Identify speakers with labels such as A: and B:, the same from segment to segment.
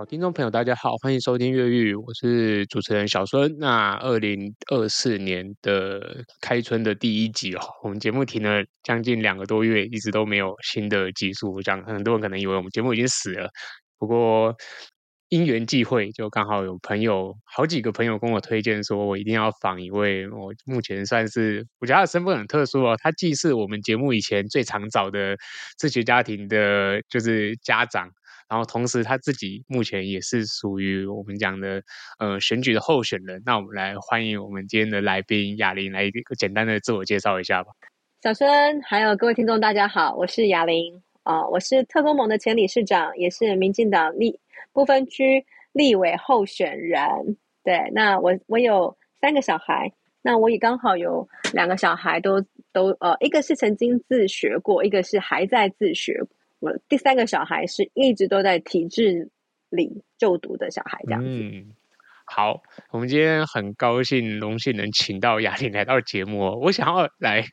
A: 好，聽眾朋友，大家好，歡迎收聽《越育》，我是主持人小孫。那二零二四年的開春的第一集哦，我們節目停了將近兩個多月，一直都沒有新的集數，這樣很多人可能以為我們節目已經死了。不過因緣際會，就剛好有朋友好幾個朋友跟我推薦，說我一定要訪一位我目前算是我覺得他的身份很特殊哦，他既是我們節目以前最常找的自學家庭的，就是家長。然後，同時他自己目前也是屬於我們講的呃選舉的候選人。那我們來歡迎我們今天的來賓雅琳，來一個簡單的自我介紹一下吧。
B: 小孫，還有各位聽眾，大家好，我是雅琳。啊、呃，我是特公盟的前理事長，也是民進黨立不分區立委候選人。對，那我我有三個小孩，那我也剛好有兩個小孩都都呃，一個是曾經自學過，一個是還在自學過。我第三個小孩是一直都在體制裡就讀的小孩，這樣
A: 子。嗯，好，我們今天很高興榮幸能請到雅琳來到節目哦。我想要來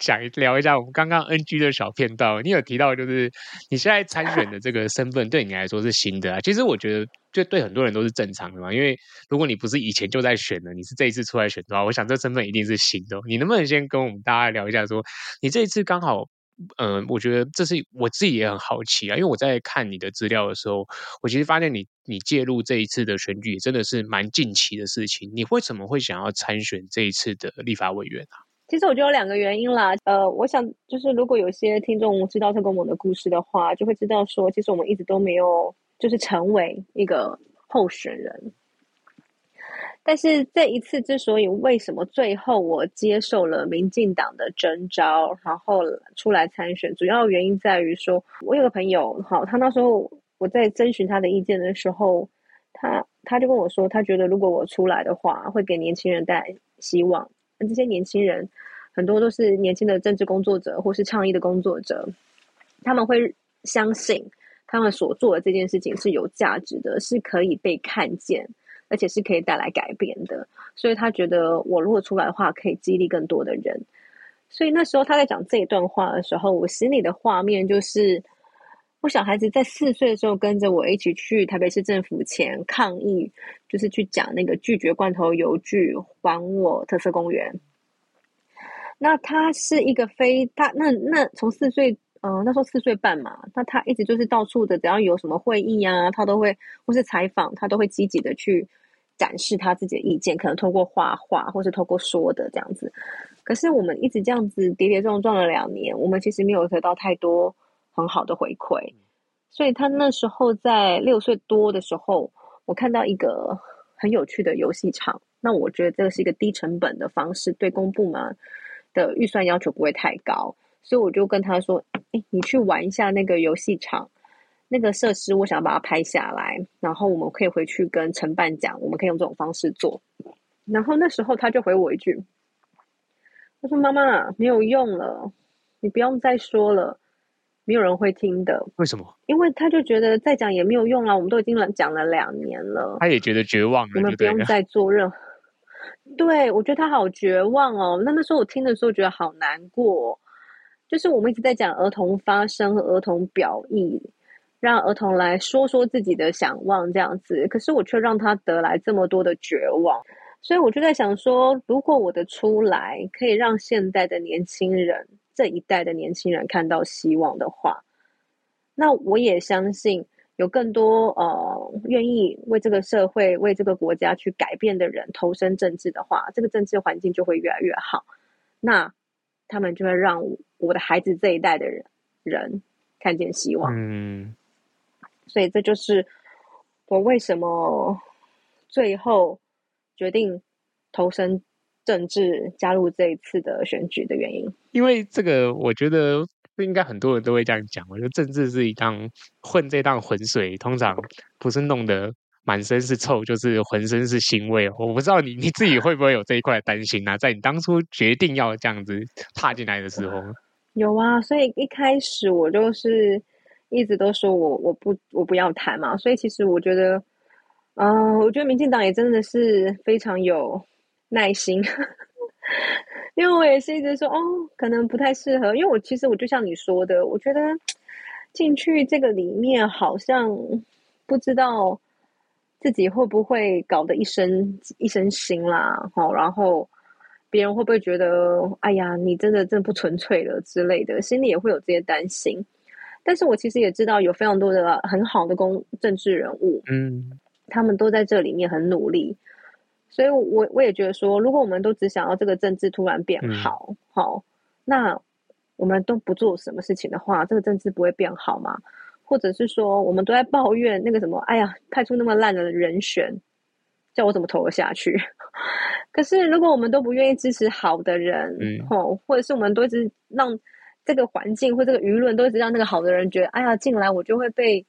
A: 想聊一下我們剛剛 NG 的小片段。你有提到就是你現在參選的這個身份對你來說是新的啊。 其實我覺得就對很多人都是正常的嘛，因為如果你不是以前就在選的，你是這一次出來選的話，我想這身份一定是新的哦。你能不能先跟我們大家聊一下說，說你這一次剛好？嗯，我覺得這是我自己也很好奇啊，因為我在看你的資料的時候，我其實發現你你介入這一次的選舉，真的是蠻近期的事情。你為什麼會想要參選這一次的立法委員啊？
B: 其實我覺得有兩個原因啦，呃，我想就是如果有些聽眾知道特公盟的故事的話，就會知道說，其實我們一直都沒有就是成為一個候選人。但是這一次之所以為什麼最後我接受了民進黨的徵召，然後出來參選，主要原因在於說，我有個朋友，好，他那時候我在徵詢他的意見的時候，他他就跟我說，他覺得如果我出來的話，會給年輕人帶來希望。那這些年輕人，很多都是年輕的政治工作者或是倡議的工作者，他們會相信他們所做的這件事情是有價值的，是可以被看見。而且是可以帶來改變的，所以他覺得我如果出來的話，可以激勵更多的人。所以那時候他在講這一段話的時候，我心裡的畫面就是，我小孩子在四歲的時候跟着我一起去台北市政府前抗議，就是去講那個拒絕罐頭遊具，還我特色公園。那他是一個非他那那從四歲嗯，那時候四歲半嘛，那他一直就是到處的，只要有什麼會議啊，他都會或是採訪，他都會積極的去。展示他自己的意見，可能通過畫畫或是透過說的這樣子。可是我們一直這樣子跌跌撞撞了兩年，我們其實沒有得到太多很好的回饋。所以他那時候在六歲多的時候，我看到一個很有趣的遊戲場，那我覺得這個是一個低成本的方式，對公部門的預算要求不會太高，所以我就跟他說：“哎、欸，你去玩一下那個遊戲場。”那個設施，我想要把它拍下來，然後我們可以回去跟承辦講，我們可以用這種方式做。然後那時候他就回我一句：“他說媽媽沒有用了，你不用再說了，沒有人會聽的。”為什麼？因為他就覺得再講也沒有用了，我們都已經講了兩年了。
A: 他也覺得絕望了就對了，我們不用再
B: 做任何。對，我覺得他好絕望哦、喔。那那時候我聽的時候覺得好難過、喔，就是我們一直在講兒童發聲和兒童表意。讓兒童來說說自己的想望，這樣子。可是我卻讓他得來這麼多的絕望，所以我就在想說，如果我的出來可以讓現代的年輕人這一代的年輕人看到希望的話，那我也相信有更多呃願意為這個社會、為這個國家去改變的人投身政治的話，這個政治環境就會越來越好。那他們就會讓我的孩子這一代的人人看見希望。嗯。所以這就是我為什麼最後決定投身政治，加入這一次的選舉的原因。
A: 因為這個，我覺得應該很多人都會這樣講。我覺得政治是一趟混這趟渾水，通常不是弄得滿身是臭，就是渾身是腥味。我不知道你你自己會不會有這一塊的擔心呢？啊？在你當初決定要這樣子踏進來的時候，
B: 有啊。所以一開始我就是。一直都說我我不我不要談嘛，所以其實我覺得，嗯、呃，我覺得民進黨也真的是非常有耐心， 因為我也是一直說哦，可能不太適合，因為我其實我就像你說的，我覺得進去這個裡面好像不知道自己會不會搞得一身一身腥啦，好、哦，然後別人會不會覺得哎呀，你真的真的不純粹了之類的，心裡也會有這些擔心。但是我其實也知道有非常多的很好的公政治人物，嗯，他們都在這裡面很努力，所以我我也覺得說，如果我們都只想要這個政治突然變好，好、嗯哦，那我們都不做什麼事情的話，這個政治不會變好嗎？或者是說，我們都在抱怨那個什麼，哎呀，派出那麼爛的人選，叫我怎麼投了下去？可是如果我們都不願意支持好的人，嗯、哦，或者是我們都一直讓。這個環境或這個輿論，都一直讓那個好的人覺得，哎呀，進來我就會被，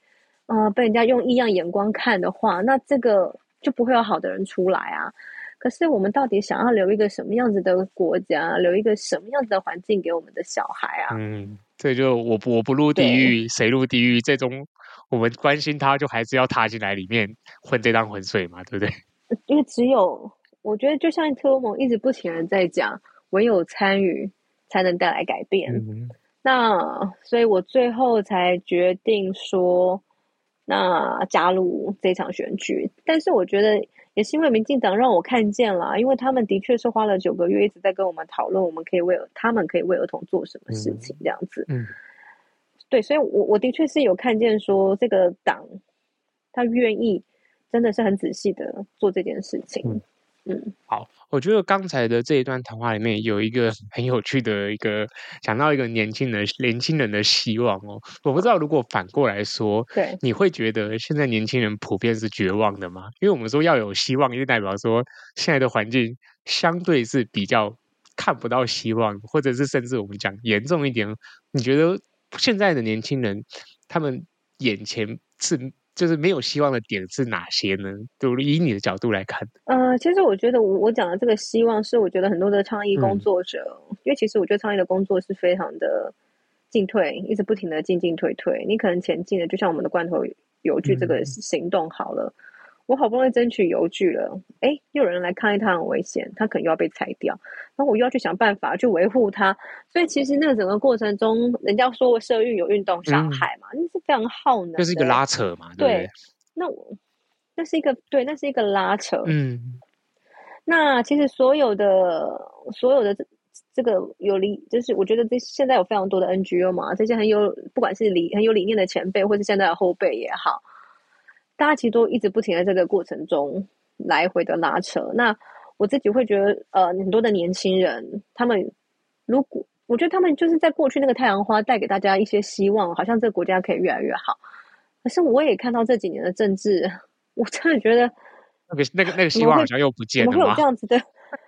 B: 呃，被人家用異樣眼光看的話，那這個就不會有好的人出來啊。可是我們到底想要留一個什麼樣子的國家，留一個什麼樣子的環境給我們的小孩啊？
A: 嗯，這就我不我不入地獄，對誰入地獄？最終我們關心他，就還是要踏進來裡面混這趟渾水嘛，對不對？
B: 因為只有我覺得，就像特公盟一直不停地在講，唯有參與。才能帶來改變。Mm hmm. 那所以，我最後才決定說，那加入這場選舉。但是，我覺得也是因為民進黨讓我看見了啊，因為他們的確是花了九個月一直在跟我們討論，我們可以為他們可以為兒童做什麼事情，這樣子。嗯。Mm hmm. 對，所以，我我的確是有看見說，這個黨他願意真的是很仔細的做這件事情。Mm hmm.
A: 嗯，好，我覺得剛才的這一段談話裡面有一個很有趣的一個，講到一個年輕人，年輕人的希望哦。我不知道如果反過來說，對，你會覺得現在年輕人普遍是絕望的嗎？因為我們說要有希望，就代表說現在的環境相對是比較看不到希望，或者是甚至我們講嚴重一點，你覺得現在的年輕人他們眼前是？就是沒有希望的點是哪些呢？就以你的角度來看。
B: 呃，其實我覺得我講的這個希望是，我覺得很多的倡議工作者，嗯、因為其實我覺得倡議的工作是非常的進退，一直不停的進進退退。你可能前進的，就像我們的罐頭遊具這個行動，好了。嗯我好不容易爭取遊具了，哎、欸，又有人來看一趟，很危險，他可能又要被拆掉，然後我又要去想辦法去維護他，所以其實那個整個過程中，人家說我社運有運動傷害嘛，那、嗯、是非常耗能，就是一個拉
A: 扯嘛。對，
B: 對那我那是一個對，那是一個拉扯。嗯，那其實所有的所有的這這個有理，就是我覺得這現在有非常多的 NGO 嘛，這些很有不管是理很有理念的前輩，或是現在的後輩也好。大家其實都一直不停在這個過程中來回的拉扯。那我自己會覺得，呃，很多的年輕人，他們如果我覺得他們就是在過去那個太陽花帶給大家一些希望，好像這個國家可以越來越好。可是我也看到這幾年的政治，我真的覺得那
A: 個那個那個希望好像又不見了。我會有這樣
B: 子的？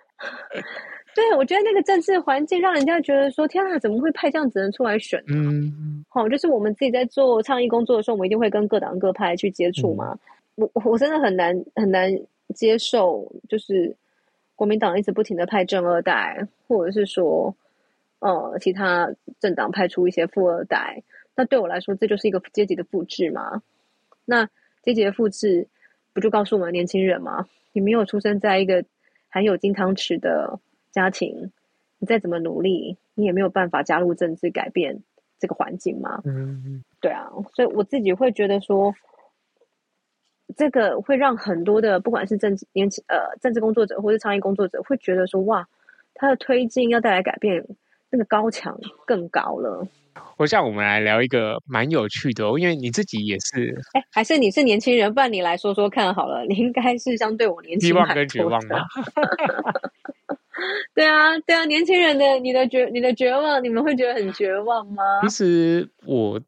B: 對，我覺得那個政治環境讓人家覺得說：“天哪，怎麼會派這樣子人出來選呢？”好，嗯嗯，就是我們自己在做倡議工作的時候，我們一定會跟各黨各派去接觸嘛。嗯、我我真的很難很難接受，就是國民黨一直不停的派政二代，或者是說，呃，其他政黨派出一些富二代，那對我來說，這就是一個階級的複製嘛。那階級的複製，不就告訴我們年輕人嗎？你沒有出生在一個含有金湯匙的。家庭，你再怎麼努力，你也沒有辦法加入政治改變這個環境嗎？嗯，對啊，所以我自己會覺得說，這個會讓很多的不管是政治年輕呃政治工作者或是倡議工作者，會覺得說哇，他的推進要帶來改變，真、那個高牆更高了。
A: 我想我們來聊一個蠻有趣的、哦，因為你自己也是，
B: 哎，還是你是年輕人，不然你來說說看好了，你應該是相對我年輕，希望跟絕望嗎？ 對啊，對啊，年輕人的你的絕你的絕
A: 望，你們會覺得很絕望嗎？其實我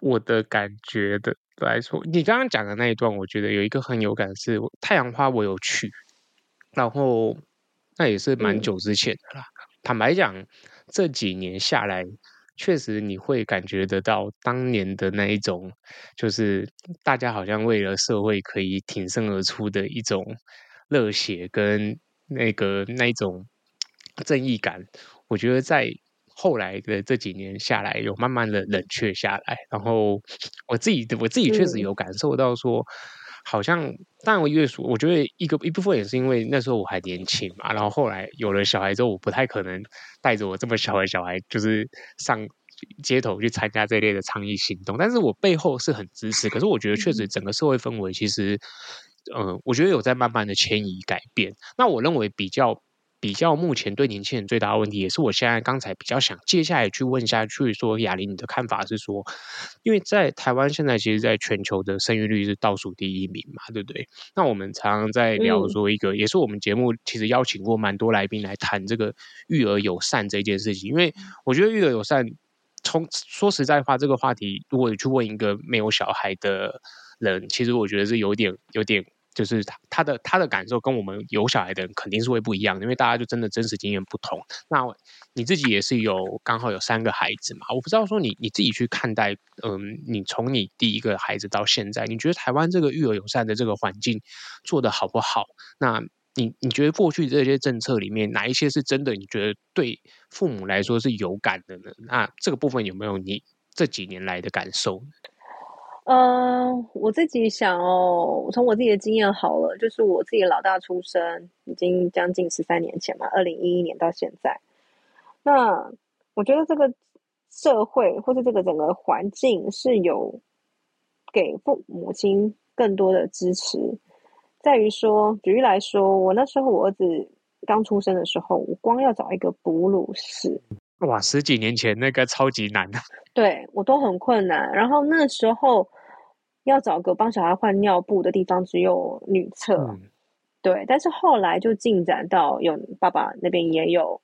A: 我的感覺的來說，你剛剛講的那一段，我覺得有一個很有感是太陽花，我有去，然後那也是蠻久之前的啦。嗯。坦白講，這幾年下來，確實你會感覺得到當年的那一種，就是大家好像為了社會可以挺身而出的一種熱血跟那個那一種。正義感，我覺得在後來的這幾年下來，有慢慢的冷卻下來。然後我自己，我自己確實有感受到說，說對好像，當然，因為我覺得一個一部分也是因為那時候我還年輕嘛。然後後來有了小孩之後，我不太可能帶着我這麼小的小孩，就是上街頭去參加這類的倡議行動。但是我背後是很支持。可是我覺得確實整個社會氛圍其實，嗯、呃，我覺得有在慢慢的遷移改變。那我認為比較。比較目前對年輕人最大的問題，也是我現在剛才比較想接下來去問下去說，說雅琳你的看法是說，因為在台灣現在其實在全球的生育率是倒數第一名嘛，對不對？那我們常常在聊說一個，嗯、也是我們節目其實邀請過蠻多來賓來談這個育兒友善這件事情，因為我覺得育兒友善，從說實在話，這個話題如果去問一個沒有小孩的人，其實我覺得是有點有點。就是他他的他的感受跟我們有小孩的人肯定是會不一樣的。因為大家就真的真實經驗不同。那你自己也是有剛好有三個孩子嘛，我不知道說你你自己去看待，嗯，你從你第一個孩子到現在，你覺得台灣這個育兒友善的這個環境做得好不好？那你你覺得過去這些政策裡面哪一些是真的，你覺得對父母來說是有感的呢？那這個部分有沒有你這幾年來的感受？
B: 嗯、呃，我自己想哦，我從我自己的經驗好了，就是我自己老大出生已經將近十三年前嘛，二零一一年到現在。那我覺得這個社會或是這個整個環境是有給父母親更多的支持，在於說，舉例來說，我那時候我兒子剛出生的時候，我光要找一個哺乳室，
A: 哇，十幾年前那個超級難的，
B: 對，我都很困難，然後那時候。要找個幫小孩換尿布的地方，只有女廁，嗯、對。但是後來就進展到有爸爸那邊也有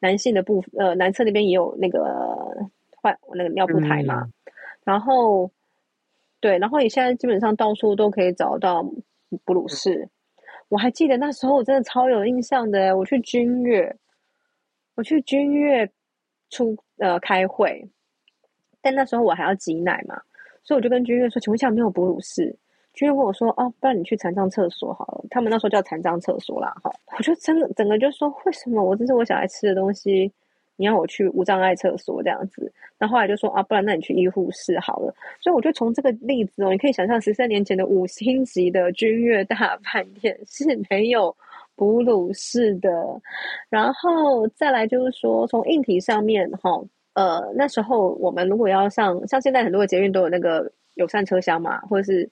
B: 男性的部分，呃，男廁那邊也有那個換那個尿布台嘛。嗯、然後，對，然後你現在基本上到處都可以找到哺乳室。嗯、我還記得那時候我真的超有印象的，我去君悅，我去君悅出呃開會，但那時候我還要擠奶嘛。所以我就跟君悅說，請問一下有沒有哺乳室？君悅跟我說：“哦、啊，不然你去殘障廁所好了。”他們那時候叫殘障廁所啦，哈。我就真的整個就說：“為什麼我這是我小孩吃的東西，你要我去無障礙廁所這樣子？”那後來就說：“啊，不然那你去醫護室好了。”所以我就從這個例子哦，你可以想象十三年前的五星級的君悅大飯店是沒有哺乳室的。然後再來就是說，從硬體上面哈、哦。呃，那時候我們如果要上，像現在很多的捷運都有那個友善車廂嘛，或者是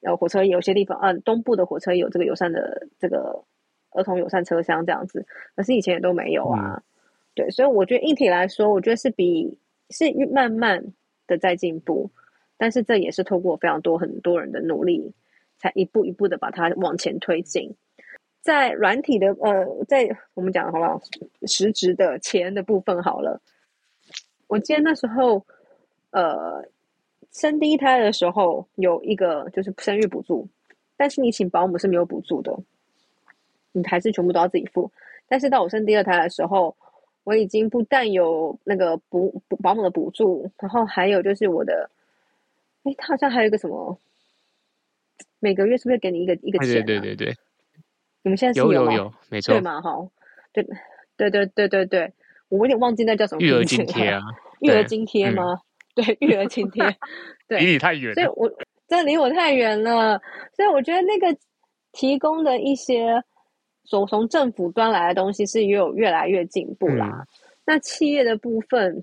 B: 呃火車有些地方啊，東部的火車有這個友善的這個兒童友善車廂這樣子，可是以前也都沒有啊。嗯、對，所以我覺得硬體來說，我覺得是比是慢慢的在進步，但是這也是透過非常多很多人的努力，才一步一步的把它往前推進。在軟體的呃，在我們講好了，實質的錢的部分好了。我記得那時候，呃，生第一胎的時候有一個就是生育補助，但是你請保姆是沒有補助的，你還是全部都要自己付。但是到我生第二胎的時候，我已經不但有那個補補保姆的補助，然後還有就是我的，哎，他好像還有一個什麼，每個月是不是給你一個一個錢，啊？啊，對對對對，你們現在有，有有有沒錯嘛哈？對對對對對對。我有點忘記那叫什麼育兒津貼啊？育兒 津貼嗎？對，育兒津貼，離、嗯、 你太遠，所以我，我真的離我太遠了。所以，我覺得那個提供的一些，從從政府端來的東西是也有越來越進步啦。嗯、那企業的部分，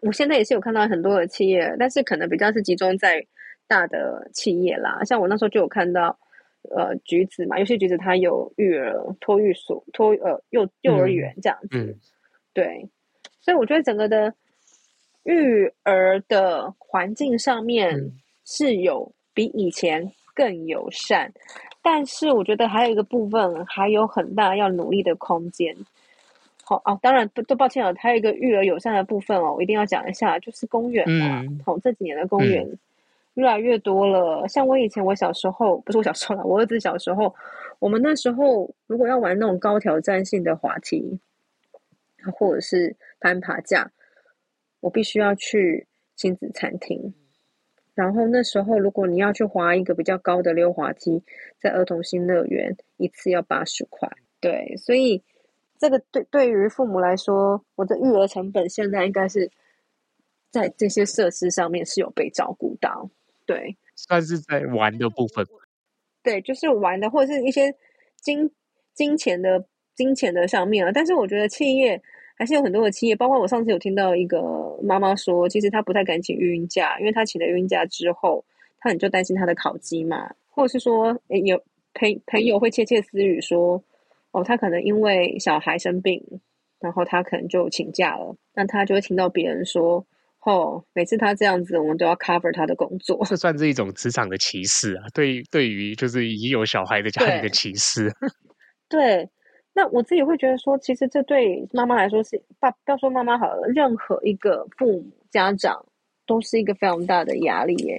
B: 我現在也是有看到很多的企業，但是可能比較是集中在大的企業啦。像我那時候就有看到，呃，橘子嘛，有些橘子它有育兒托育所、托呃幼幼兒園這樣子。嗯嗯對，所以我覺得整個的育兒的環境上面是有比以前更友善，嗯、但是我覺得還有一個部分還有很大要努力的空間。好啊，當然都抱歉了，還有一個育兒友善的部分哦，我一定要講一下，就是公園啊，從、嗯、這幾年的公園、嗯、越來越多了。像我以前我小時候，不是我小時候了，我兒子小時候，我們那時候如果要玩那種高挑戰性的滑梯。或者是攀爬架，我必須要去親子餐廳。然後那時候，如果你要去滑一個比較高的溜滑梯，在兒童新樂園一次要八十塊。對，所以這個對對於父母來說，我的育兒成本現在應該是在這些設施上面是有被照顧到。對，
A: 算是在玩的部分。
B: 對，就是玩的或者是一些金金錢的。金錢的上面啊，但是我覺得企業還是有很多的企業，包括我上次有聽到一個媽媽說，其實她不太敢請孕孕假，因為她請了孕假之後，她很就擔心她的考績嘛，或者是說、欸、有朋朋友會竊竊私語說，哦，她可能因為小孩生病，然後她可能就請假了，那她就會聽到別人說，哦，每次她這樣子，我們都要 cover 她的工作，
A: 這算是一種職場的歧視啊，對對於就是已有小孩的家庭的歧視，對。
B: 對那我自己會覺得說，其實這對媽媽來說是，爸不要說媽媽好了，任何一個父母家長都是一個非常大的壓力耶，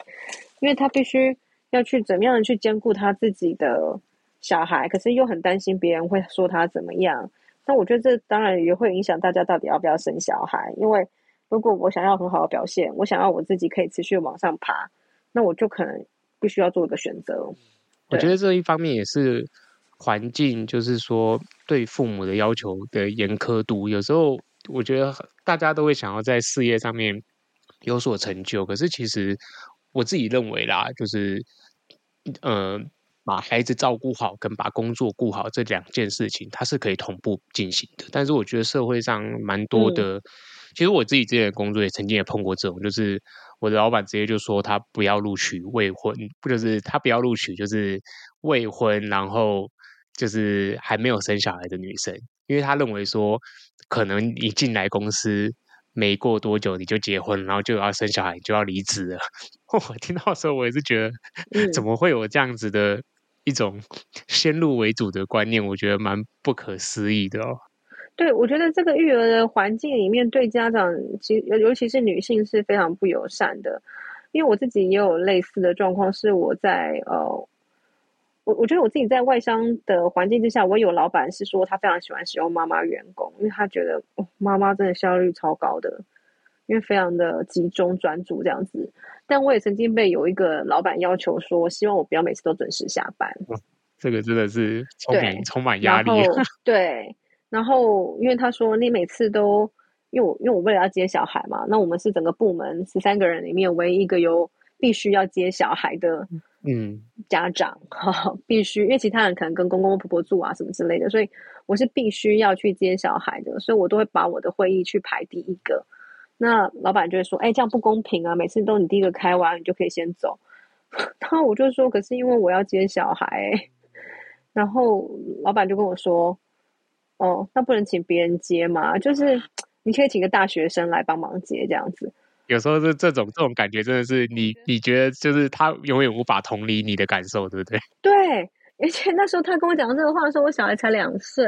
B: 因為他必須要去怎麼樣去兼顧他自己的小孩，可是又很擔心別人會說他怎麼樣。那我覺得這當然也會影響大家到底要不要生小孩，因為如果我想要很好的表現，我想要我自己可以持續往上爬，那我就可能必須要做一個選擇。
A: 我覺得這一方面也是。環境就是說，對父母的要求的嚴苛度，有時候我覺得大家都會想要在事業上面有所成就。可是，其實我自己認為啦，就是，呃，把孩子照顧好跟把工作顧好這兩件事情，它是可以同步進行的。但是，我覺得社會上蠻多的，嗯、其實我自己之前的工作也曾經也碰過這種，就是我的老板直接就說他不要錄取未婚，不就是他不要錄取就是未婚，然後。就是還沒有生小孩的女生，因為她認為說，可能你進來公司沒過多久你就結婚，然後就要生小孩，就要離職了。我、哦、聽到的時候，我也是覺得，嗯、怎麼會有這樣子的一種先入為主的觀念？我覺得蠻不可思議的哦。
B: 對，我覺得這個育兒的環境裡面對家長，其尤其是女性是非常不友善的。因為我自己也有類似的狀況，是我在呃。哦我我覺得我自己在外商的環境之下，我有老板是說他非常喜歡使用媽媽員工，因為他覺得哦、媽媽，真的效率超高的，因為非常的集中專注這樣子。但我也曾經被有一個老板要求說，希望我不要每次都準時下班。
A: 哦、這個真的是 OK, 對充滿充滿壓力啊。
B: 對，然後因為他說你每次都因為我因為我為了要接小孩嘛，那我們是整個部門十三個人裡面唯一一個有必須要接小孩的，嗯。嗯，家長哈、哦、必須，因為其他人可能跟公公婆婆住啊什麼之類的，所以我是必須要去接小孩的，所以我都會把我的會議去排第一個。那老板就會說，哎、欸，這樣不公平啊，每次都你第一個開完，你就可以先走。然後我就說，可是因為我要接小孩、欸。然後老板就跟我說，哦，那不能請別人接嘛，就是你可以請個大學生來幫忙接這樣子。
A: 有時候是這種這種感覺，真的是你你覺得就是他永遠無法同理你的感受，對不對？
B: 對，而且那時候他跟我講這個話的時候，我小孩才兩歲，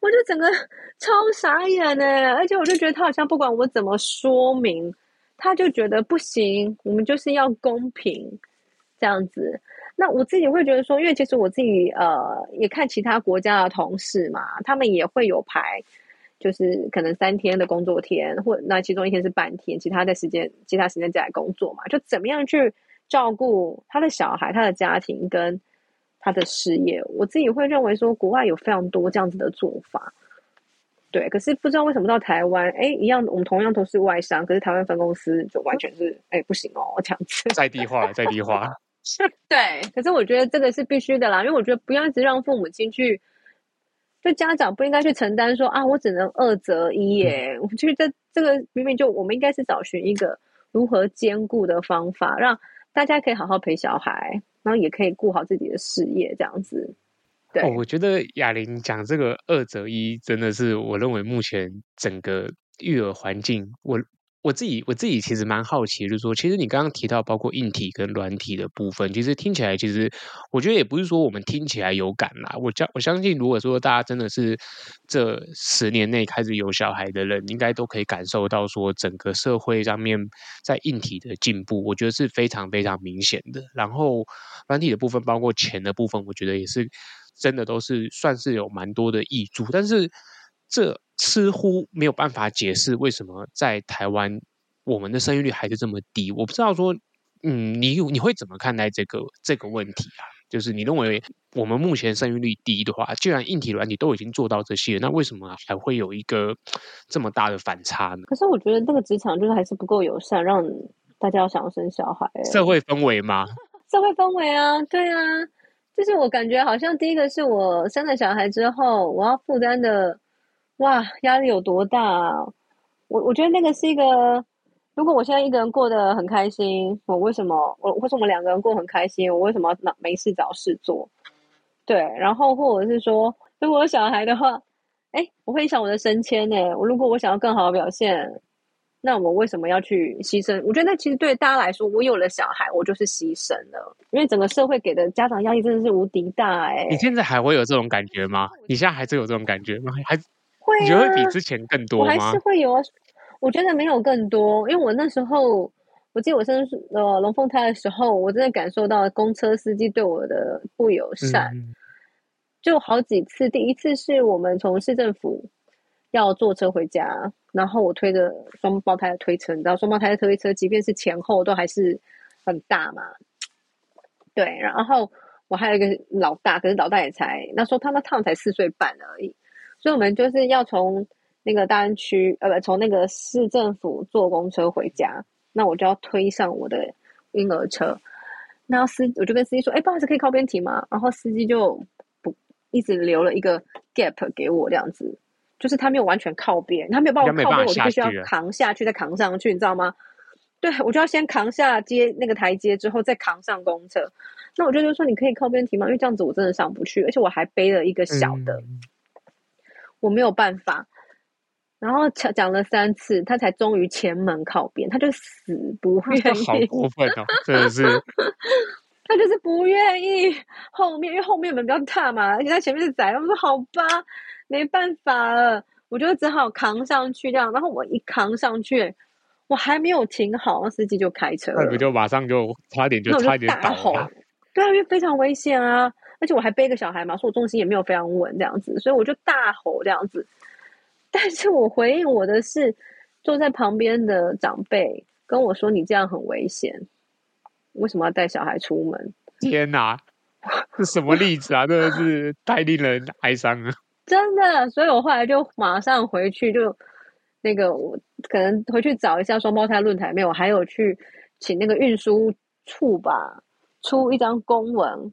B: 我就整個超傻眼欸！而且我就覺得他好像不管我怎麼說明，他就覺得不行，我們就是要公平這樣子。那我自己會覺得說，因為其實我自己呃也看其他國家的同事嘛，他們也會有牌。就是可能三天的工作天，或那其中一天是半天，其他的時間其他時間再來工作嘛。就怎麼樣去照顧他的小孩、他的家庭跟他的事業，我自己會認為說，國外有非常多這樣子的做法。對，可是不知道為什麼到台灣，哎、欸，一樣，我們同樣都是外商，可是台灣分公司就完全是，哎、欸，不行哦，這樣子。
A: 在地化，在地化。
B: 是。 對，可是我覺得這個是必須的啦，因為我覺得不要一直讓父母親去。就家長不應該去承擔說啊，我只能二擇一耶。嗯、我覺得這個明明就，我們應該是找尋一個如何兼顧的方法，讓大家可以好好陪小孩，然後也可以顧好自己的事業這樣子。對，
A: 哦、我覺得雅琳講這個二擇一，真的是我認為目前整個育兒環境我。我自己我自己其實蠻好奇，就是說其實你剛剛提到包括硬體跟軟體的部分，其實聽起來其實我覺得也不是說我們聽起來有感啦。我相我相信，如果說大家真的是這十年內開始有小孩的人，應該都可以感受到說整個社會上面在硬體的進步，我覺得是非常非常明顯的。然後軟體的部分，包括錢的部分，我覺得也是真的都是算是有蠻多的益處，但是這。似乎沒有辦法解釋為什麼在台灣我們的生育率還是這麼低。我不知道說，嗯，你你會怎麼看待這個這個問題啊？就是你認為我們目前生育率低的話，既然硬體軟體都已經做到這些，那為什麼還會有一個這麼大的反差呢？可
B: 是我覺得那個職場就是還是不夠友善，讓大家要想要生小孩。社
A: 會氛圍嗎？
B: 社會氛圍啊，對啊，就是我感覺好像第一個是我生了小孩之後，我要負擔的。哇，壓力有多大啊？我我覺得那個是一個，如果我現在一個人過得很開心，我為什麼我為什麼我們兩個人過得很開心？我為什麼沒沒事找事做？對，然後或者是說，如果我小孩的話，哎，我會影響我的升遷呢。我如果我想要更好的表現，那我為什麼要去犧牲？我覺得那其實對大家來說，我有了小孩，我就是犧牲了，因為整個社會給的家長壓力真的是無敵大哎。你
A: 現在還會有這種感覺嗎？你現在還是有這種感覺嗎？還？
B: 會有比之
A: 前更多嗎？我還是會
B: 有啊。我覺得沒有更多，因為我那時候，我記得我生呃龍鳳胎的時候，我真的感受到公車司機對我的不友善，嗯、就好幾次。第一次是我們從市政府要坐車回家，然後我推着雙胞胎的推車，你知道雙胞胎的推車，即便是前後都還是很大嘛。對，然後我還有一個老大，可是老大也才那時候他們他們才四歲半而、啊、已。所以我們就是要從那個大安區，呃，不，從那個市政府坐公車回家。那我就要推上我的嬰兒車。然後司，我就跟司機說：“哎、欸，不好意思，可以靠邊停嗎？”然後司機就不一直留了一個 gap 給我這樣子，就是他沒有完全靠邊，他沒有幫我靠邊，我就必須要扛下去，再扛上去，你知道嗎？對我就要先扛下街那個台階之後再扛上公車。那我就就說你可以靠邊停嗎？因為這樣子我真的上不去，而且我還背了一個小的。嗯我沒有辦法，然後講，講了三次，他才終於前門靠邊，他就死不願意。好過分哦， 真的是。他就是不願意後面，因為後面門比較大嘛，而且他前面是窄。我說好吧，沒辦法了，我就只好扛上去這樣，然後我一扛上去，我還沒有停好，那司機就開車了。那不
A: 就馬上就差一點，就差一點倒了，就大吼，
B: 對啊，因為非常危險啊。而且我還背個小孩嘛，所以我重心也沒有非常穩這樣子，所以我就大吼這樣子。但是我回應我的是坐在旁邊的長輩跟我說：“你這樣很危險，為什麼要帶小孩出門？”
A: 天哪、啊， 這是什麼例子啊！真的是太令人哀傷了。
B: 真的，所以我後來就馬上回去，就那個我可能回去找一下雙胞胎論壇，沒有，我還有去請那個運輸處吧出一張公文。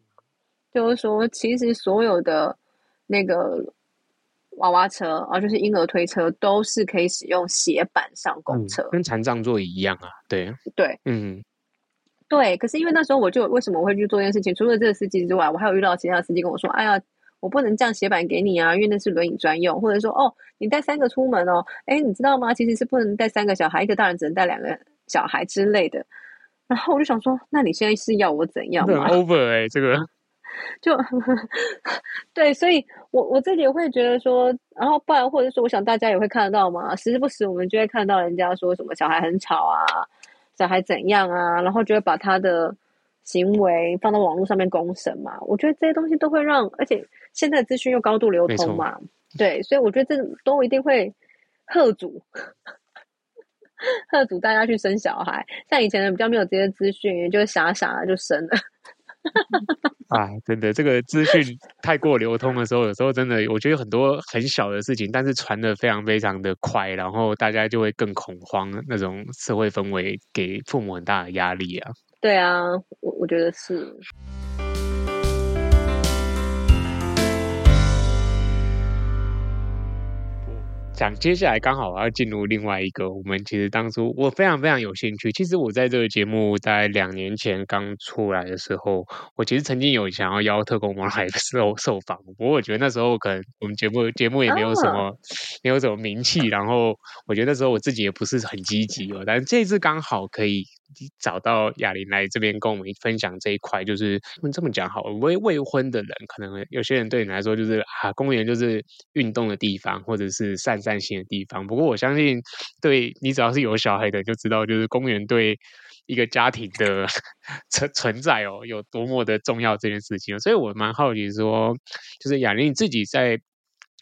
B: 就是說，其實所有的那個娃娃車啊，就是嬰兒推車，都是可以使用斜板上
A: 公車，嗯、跟殘障座椅一樣啊。對，
B: 對，嗯，對。可是因為那時候我就為什麼我會去做這件事情？除了這個司機之外，我還有遇到其他的司機跟我說：“哎呀，我不能這樣斜板給你啊，因為那是輪椅專用。”或者說：“哦，你帶三個出門哦？”哎、欸，你知道嗎？其實是不能帶三個小孩，一個大人只能帶兩個小孩之類的。然後我就想說：“那你現在是要我怎樣？”over 哎、欸，這個。就呵呵，對，所以我我自己也會覺得說，然後不然，或者說，我想大家也會看得到嘛。時不時我們就會看到人家說，什麼小孩很吵啊，小孩怎樣啊，然後就會把他的行為放到網絡上面公審嘛。我覺得這些東西都會讓，而且現在資訊又高度流通嘛，錯對，所以我覺得這都一定會嚇阻嚇阻大家去生小孩。像以前比較沒有這些資訊，就傻傻的就生了。
A: 哎， 真的，這個資訊太過流通的時候，有時候真的，我覺得很多很小的事情，但是傳得非常非常的快，然後大家就會更恐慌，那種社會氛圍給父母很大的壓力啊。
B: 對啊，我我覺得是。
A: 講，接下來剛好我要進入另外一個，我們其實當初我非常非常有興趣。其實我在這個節目大概兩年前剛出來的時候，我其實曾經有想要邀特公盟的時候受訪，不過我覺得那時候可能我們節目節目也沒有什麼、oh. 沒有什麼名氣，然後我覺得那時候我自己也不是很積極哦。但是這次剛好可以。找到雅琳來這邊跟我們分享這一塊，就是我們、嗯、這麼講好，未未婚的人可能有些人對你來說就是啊，公園就是運動的地方，或者是散散心的地方。不過我相信，對你只要是有小孩的，就知道就是公園對一個家庭的存 存在哦、喔、有多麼的重要這件事情、喔。所以我蠻好奇說，就是雅琳你自己在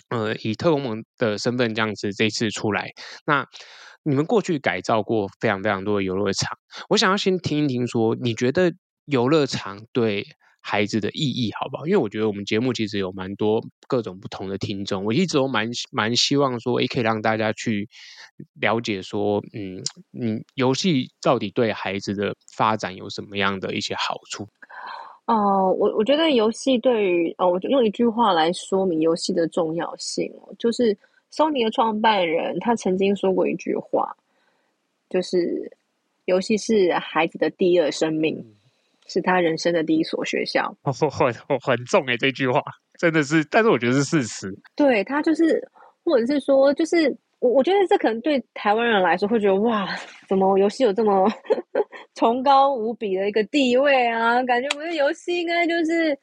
A: 呃以特公盟的身份這樣子這次出來那。你們過去改造過非常非常多的遊樂場，我想要先聽一聽說，說你覺得遊樂場對孩子的意義好不好？因為我覺得我們節目其實有蠻多各種不同的聽眾，我一直都蠻蠻希望說，誒、欸，可以讓大家去了解說，嗯，你、嗯、遊戲到底對孩子的發展有什麼樣的一些好處？
B: 哦、呃，我我覺得遊戲對於，哦、呃，我就用一句話來說明遊戲的重要性哦，就是。Sony 的創辦人，他曾經說過一句話，就是“遊戲是孩子的第二生命，嗯、是他人生的第一所學校。”
A: 很很重，誒這句話真的是，但是我覺得是事實。
B: 對他就是，或者是說，就是我我覺得這可能對台灣人來說會覺得哇，怎麼遊戲有這麼 崇高無比的一個地位啊？感覺我們遊戲應該就是。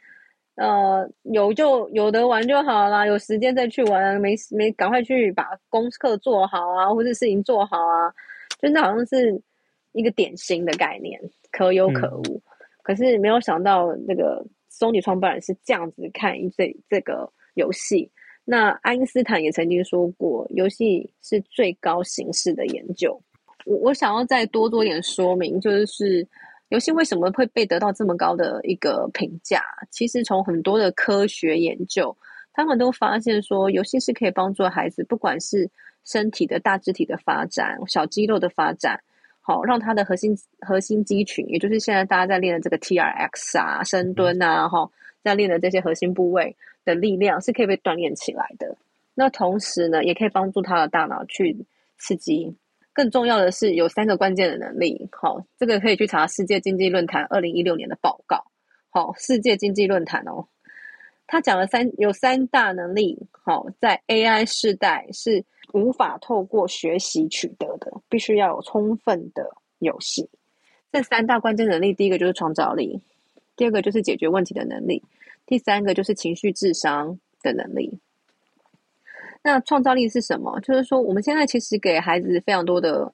B: 呃，有就有的玩就好了，有時間再去玩，沒沒趕快去把功課做好啊，或者事情做好啊，真的好像是一個典型的概念，可有可無。嗯，可是沒有想到那個 SONY 創辦人是這樣子看這這個遊戲。那愛因斯坦也曾經說過，遊戲是最高形式的研究。我我想要再多多點說明，就是。遊戲為什麼會被得到這麼高的一個評價？其實從很多的科學研究，他們都發現說，遊戲是可以幫助孩子，不管是身體的大肢體的發展、小肌肉的發展，好、哦、讓他的核心核心肌群，也就是現在大家在練的這個 TRX 啊、深蹲啊，哈、哦，在練的這些核心部位的力量是可以被鍛鍊起來的。那同時呢，也可以幫助他的大腦去刺激。更重要的是有三個關鍵的能力，好，這個可以去查世界經濟論壇二零一六年的報告，好，世界經濟論壇哦，他講了三，有三大能力，好，在 AI 時代是無法透過學習取得的，必須要有充分的遊戲。這三大關鍵能力，第一個就是創造力，第二個就是解決問題的能力，第三個就是情緒智商的能力。那創造力是什麼？就是說，我們現在其實給孩子非常多的，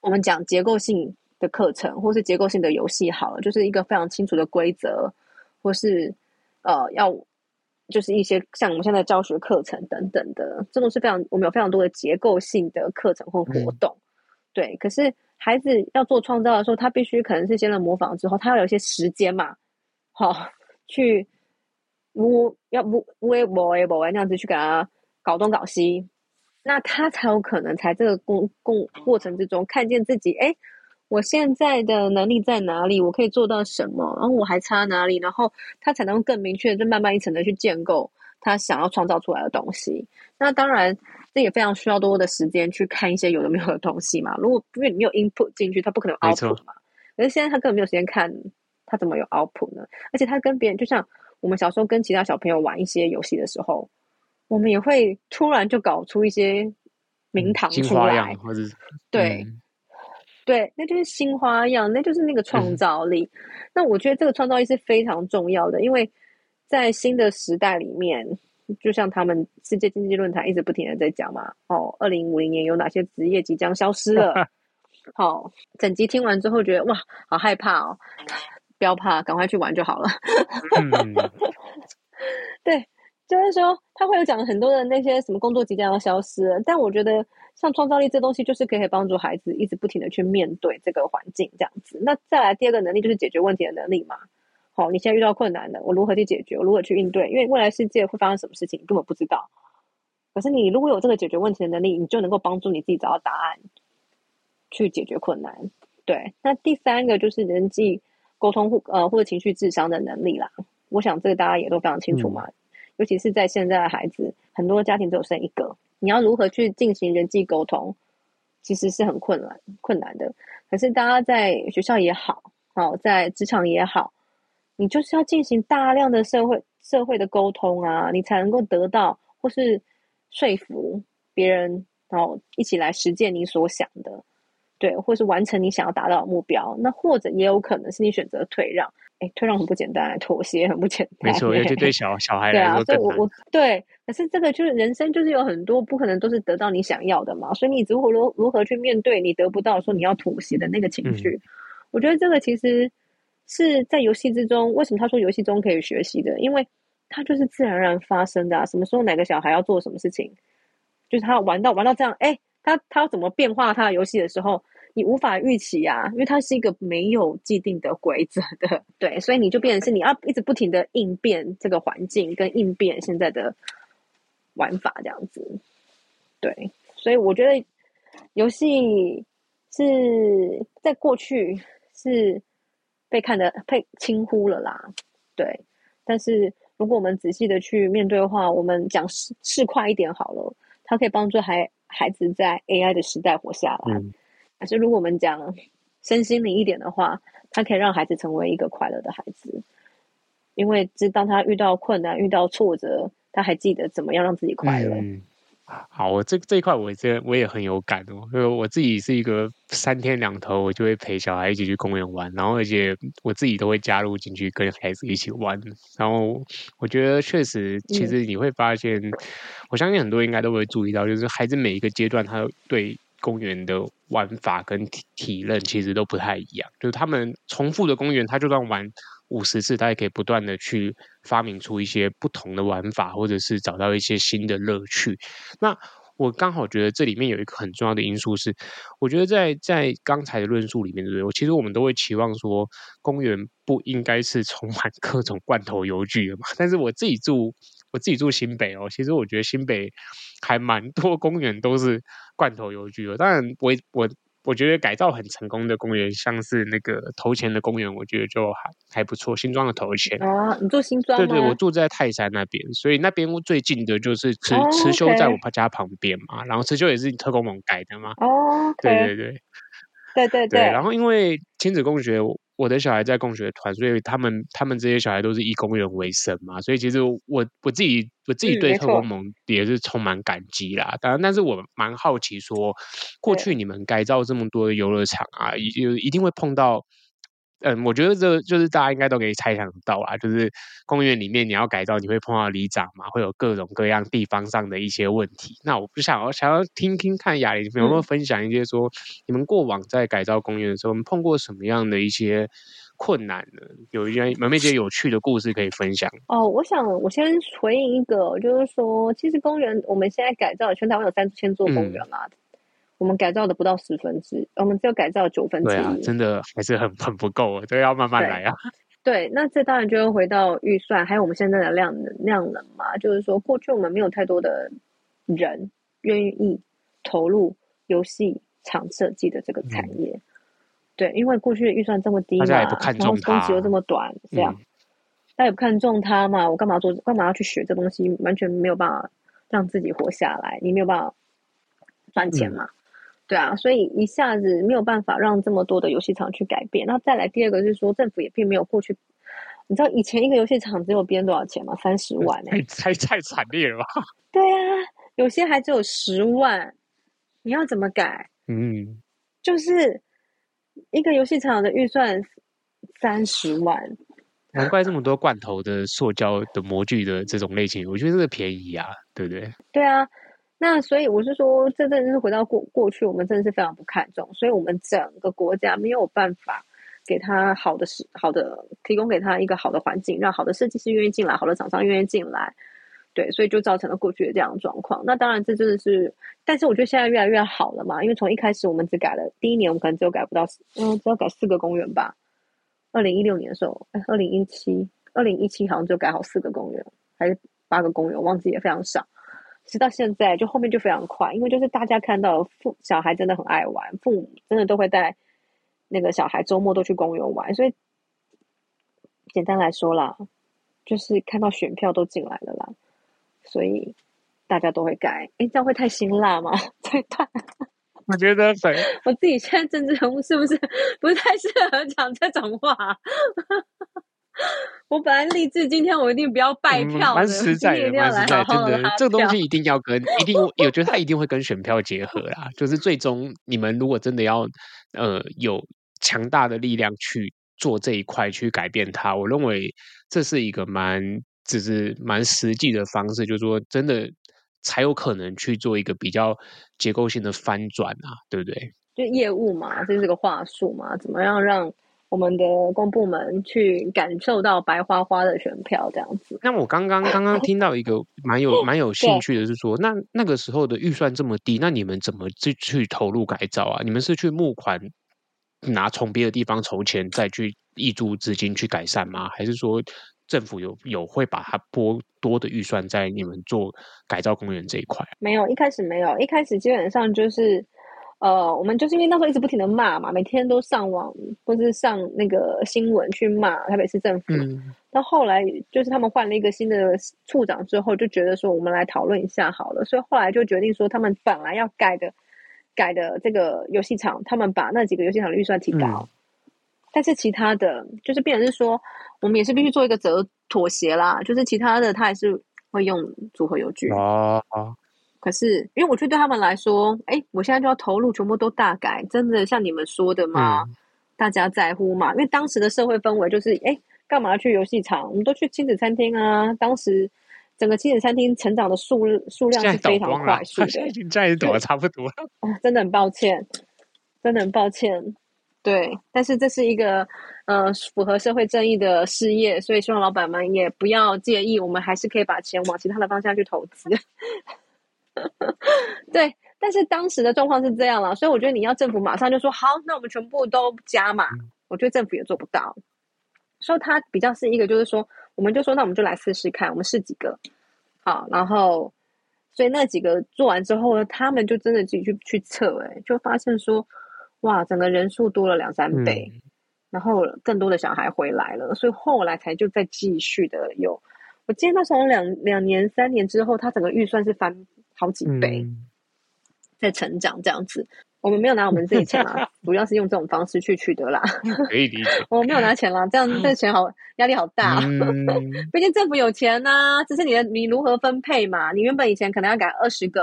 B: 我們講結構性的課程，或是結構性的遊戲，好了，就是一個非常清楚的規則，或是呃，要就是一些像我們現在教學課程等等的，這都是非常我們有非常多的結構性的課程或活動。嗯、對，可是孩子要做創造的時候，他必須可能是先在模仿之後，他要有一些時間嘛，好去，摸，要不我我我我那樣子去給他。搞東搞西，那他才有可能在這個過過過程之中看見自己。哎，我現在的能力在哪裡？我可以做到什麼？然後我還差哪裡？然後他才能更明確，就慢慢一層的去建構他想要創造出來的東西。那當然，這也非常需要多的時間去看一些有的沒有的東西嘛。如果因為你沒有 input 進去，他不可能 output 的嘛。沒錯。可是現在他根本沒有時間看他，怎麼有 output 呢？而且他跟別人，就像我們小時候跟其他小朋友玩一些遊戲的時候，我們也會突然就搞出一些名堂出來，新花樣或者，嗯、對對，那就是新花樣，那就是那個創造力。 那我覺得這個創造力是非常重要的，因為在新的時代裡面，就像他們世界經濟論壇一直不停的在講嘛。哦，二零五零年有哪些職業即將消失了？好、 哦，整集聽完之後覺得哇，好害怕哦！不要怕，趕快去玩就好了。 嗯、對。雖然說，他會有講很多的那些什麼工作即將要消失，但我覺得像創造力這東西，就是可以幫助孩子一直不停的去面對這個環境，這樣子。那再來第二個能力就是解決問題的能力嘛。好，你現在遇到困難了，我如何去解決？我如何去應對？因為未來世界會發生什麼事情，你根本不知道。可是你如果有這個解決問題的能力，你就能夠幫助你自己找到答案，去解決困難。對，那第三個就是人際溝通或呃或者情緒智商的能力啦。我想這個大家也都非常清楚嘛。嗯尤其是在現在的孩子，很多家庭只有生一個，你要如何去進行人際溝通，其實是很困難、困難的。可是，大家在學校也好，好、哦、在職場也好，你就是要進行大量的社會、社會的溝通啊，你才能夠得到或是說服別人，然後一起來實踐你所想的，對，或是完成你想要達到的目標。那或者也有可能是你選擇退讓。退讓很不簡單，妥協很不簡單。沒錯，尤其對小小孩來說。 對啊，所以我我對，可是這個就是人生，就是有很多不可能都是得到你想要的嘛。所以你如何如如何去面對你得不到，說你要妥協的那個情緒？嗯嗯。我覺得這個其實是在遊戲之中，為什麼他說遊戲中可以學習的？因為他就是自然而然發生的啊。什麼時候哪個小孩要做什麼事情，就是他玩到玩到這樣，哎、欸，他他要怎麼變化他的遊戲的時候。你無法預期啊，因為它是一個沒有既定的規則的，對，所以你就變成是你要一直不停的應變這個環境，跟應變現在的玩法這樣子，對，所以我覺得遊戲是在過去是被看的被輕忽了啦，對，但是如果我們仔細的去面對的話，我們講是是快一點好了，它可以幫助孩孩子在 AI 的時代活下來。嗯還是如果我們講身心靈一點的話，它可以讓孩子成為一個快樂的孩子，因為當他遇到困難、遇到挫折，他還記得怎麼樣讓自己快樂。嗯、
A: 好，我這這一塊我也，我這我也很有感哦，因為我自己是一個三天兩頭我就會陪小孩一起去公園玩，然後而且我自己都會加入進去跟孩子一起玩。然後我覺得確實，其實你會發現，嗯、我相信很多應該都會注意到，就是孩子每一個階段，他對。公園的玩法跟體體認其實都不太一樣，就是他們重複的公園，他就算玩五十次，他也可以不斷的去發明出一些不同的玩法，或者是找到一些新的樂趣。那我剛好覺得這裡面有一個很重要的因素是，我覺得在在剛才的論述裡面，對我其實我們都會期望說，公園不應該是充滿各種罐頭遊具的嘛？但是我自己住。我自己住新北哦，其實我覺得新北還蠻多公園都是罐頭遊具的。當然，我我我覺得改造很成功的公園像是那個頭前的公園，我覺得就還還不錯。新莊的頭前哦，你
B: 住新莊？對，對對，我住
A: 在泰山那邊，所以那邊最近的就是辭辭修在我家旁邊嘛，oh, okay. 然後辭修也是特公盟改的嘛。哦
B: ，oh, okay. 對對對，對，對對對。對對對，然
A: 後因為親子公學。我的小孩在共學團，所以他們他們這些小孩都是以公園為生嘛，所以其實我我自己我自己對特公盟也是充滿感激啦。嗯、當然，但是我蠻好奇說，過去你們改造這麼多遊樂場啊，一對一定會碰到。嗯，我覺得這就是大家應該都可以猜想到啦。就是公園裡面你要改造，你會碰到里長嘛，會有各種各樣地方上的一些問題。那我不想要想要聽聽看雅琳有沒有分享一些說、嗯、你們過往在改造公園的時候，我們碰過什麼樣的一些困難呢？有沒有一些有趣的故事可以分享？
B: 哦，我想我先回應一個，就是說，其實公園我們現在改造，全台灣有三千座公園嘛、啊嗯我們改造的不到十分之，我們只有改造了九分之一。對啊，
A: 真的還是很很不夠，這個要慢慢來啊
B: 對。對，那這當然就要回到預算，還有我們現在的量能量能嘛。就是說，過去我們沒有太多的人願意投入遊戲場設計的這個產業。嗯、對，因為過去的預算這麼低嘛，也不看然後工期又這麼短，這樣、嗯啊，大家也不看重它嘛？我幹嘛做？幹嘛要去學這東西？完全沒有辦法讓自己活下來，你沒有辦法賺錢嘛？嗯對啊，所以一下子沒有辦法讓這麼多的遊戲場去改變。那再來第二個就是說，政府也並沒有過去，你知道以前一個遊戲場只有編多少錢嗎？三十萬、欸，哎，
A: 還太慘烈了吧？
B: 對啊，有些還只有十萬，你要怎麼改？嗯，就是一個遊戲場的預算三十萬，
A: 難怪這麼多罐頭的塑膠的模具的這種類型，我覺得這個便宜啊，對不對？
B: 對啊。那所以我是說，這真的是回到過過去，我們真的是非常不看重，所以我們整個國家沒有辦法給他好的是好的，提供給他一個好的環境，讓好的設計師願意進來，好的廠商願意進來，對，所以就造成了過去的這樣的狀況。那當然這真的是，但是我覺得現在越來越好了嘛，因為從一開始我們只改了，第一年我們可能只有改不到，嗯，只要改四個公園吧。二零一六年的時候，哎、欸，二零一七，二零一七好像就改好四個公園，還是八個公園，我忘記，也非常少。直到現在，就後面就非常快，因為就是大家看到了父小孩真的很愛玩，父母真的都會帶那個小孩周末都去公園玩，所以簡單來說啦，就是看到選票都進來了啦，所以大家都會改。誒、欸，這樣會太辛辣嗎？太辣，
A: 我覺得誰，
B: 我自己現在政治人物是不是不太適合講這種話？ 我本來立志今天我一定不要拜票，蠻、嗯、實在的，蠻實在，真的，這個東西一
A: 定要跟一定， 我覺得它一定會跟選票結合啦。就是最終你們如果真的要呃有強大的力量去做這一塊去改變它，我認為這是一個蠻只是蠻實際的方式，就是說真的才有可能去做一個比較結構性的翻轉啊，對不對？
B: 就業務嘛，這是個話術嘛，怎麼樣讓？我們的公部門去感受到白花花的選票這樣
A: 子。那我剛剛剛剛聽到一個蠻有蠻有興趣的，是說，對那那個時候的預算這麼低，那你們怎麼去去投入改造啊？你們是去募款，拿從別的地方籌錢再去挹注資金去改善嗎？還是說政府有有會把它撥多的預算在你們做改造公園這一塊？
B: 沒有，一開始沒有，一開始基本上就是。呃，我們就是因為那時候一直不停的罵嘛，每天都上網或是上那個新聞去罵台北市政府。嗯、到後來就是他們換了一個新的處長之後，就覺得說我們來討論一下好了，所以後來就決定說，他們本來要改的改的這個遊戲場，他們把那幾個遊戲場的預算提高，嗯、但是其他的，就是變成是說，我們也是必須做一個折妥協啦，就是其他的他還是會用組合遊具。啊。可是，因為我覺得對他們來說，誒我現在就要投入，全部都大改，真的像你們說的嗎、嗯、大家在乎嗎？因為當時的社會氛圍就是，誒幹嘛要去遊戲場？我們都去親子餐廳啊！當時整個親子餐廳成長的數數量是非常快速的，現在已經倒了對差不多、哦、真的很抱歉，真的很抱歉。對，但是這是一個嗯、呃、符合社會正義的事業，所以希望老板們也不要介意，我們還是可以把錢往其他的方向去投資。 對，但是當時的狀況是這樣了，所以我覺得你要政府馬上就說好，那我們全部都加碼？嗯、我覺得政府也做不到。所以他比較是一個，就是說，我們就說那我們就來試試看，我們試幾個好，然後所以那幾個做完之後呢，他們就真的自己去去測，哎，就發現說哇，整個人數多了兩三倍，嗯、然後更多的小孩回來了，所以後來才就再繼續的有，我記得那時候兩兩年三年之後，他整個預算是翻。好幾倍，嗯、在成長這樣子，我們沒有拿我們自己錢啊， 主要是用這種方式去取得啦。 我們沒有拿錢啦、啊，這樣這錢好壓、嗯、力好大、啊。畢 竟政府有錢吶、啊，只是你的你如何分配嘛。你原本以前可能要改二十個，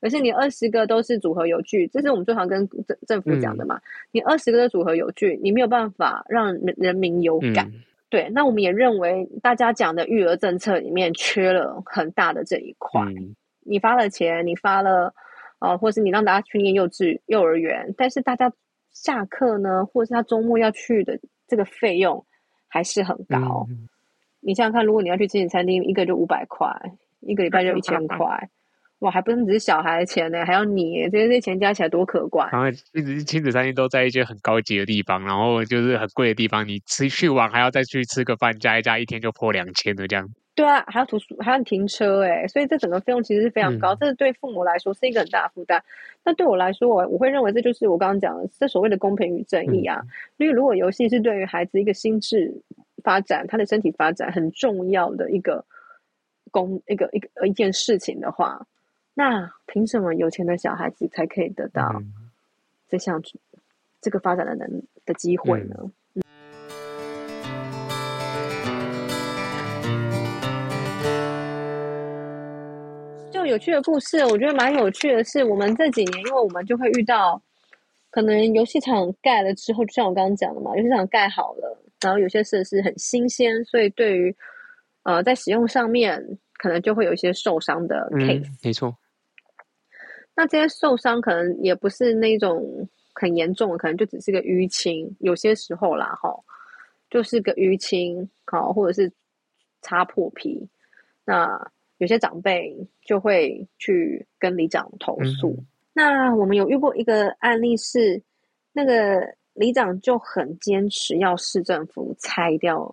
B: 可是你二十個都是組合有據，這是我們最常跟政政府講的嘛。嗯、你二十個的組合有據，你沒有辦法讓人民有感。嗯、對，那我們也認為大家講的育兒政策裡面缺了很大的這一塊。嗯你發了錢，你發了，哦、呃，或是你讓大家去念幼稚幼兒園，但是大家下課呢，或是他周末要去的這個費用還是很高。嗯、你想想看，如果你要去親子餐廳，一個就五百塊，一個禮拜就一千塊， 哇！還不是只是小孩的錢呢，還要你，這些錢加起來多可觀。然
A: 後一直親子餐廳都在一些很高級的地方，然後就是很貴的地方，你持續玩還要再去吃個飯，加一加，一天就破兩千了，這樣。
B: 對啊，還要圖書，還要停車，哎，所以這整個費用其實是非常高，這、嗯、是對父母來說是一個很大的負擔。那對我來說，我我會認為這就是我剛剛講的，這所謂的公平與正義啊。嗯、因為如果遊戲是對於孩子一個心智發展、他的身體發展很重要的一個公一個一個一,一件事情的話，那憑什麼有錢的小孩子才可以得到這項、嗯、這個發展的能的機會呢？嗯有趣的故事，我覺得蠻有趣的是，我們這幾年，因為我們就會遇到，可能遊戲場蓋了之後，就像我剛剛講的嘛，遊戲場蓋好了，然後有些設施很新鮮，所以對於呃，在使用上面，可能就會有一些受傷的 case。嗯，沒錯。那這些受傷可能也不是那種很嚴重的，可能就只是個淤青，有些時候啦哈，哦，就是個淤青好，哦，或者是擦破皮，那，有些長輩就會去跟里長投訴。嗯。那我們有遇過一個案例是，那個里長就很堅持要市政府拆掉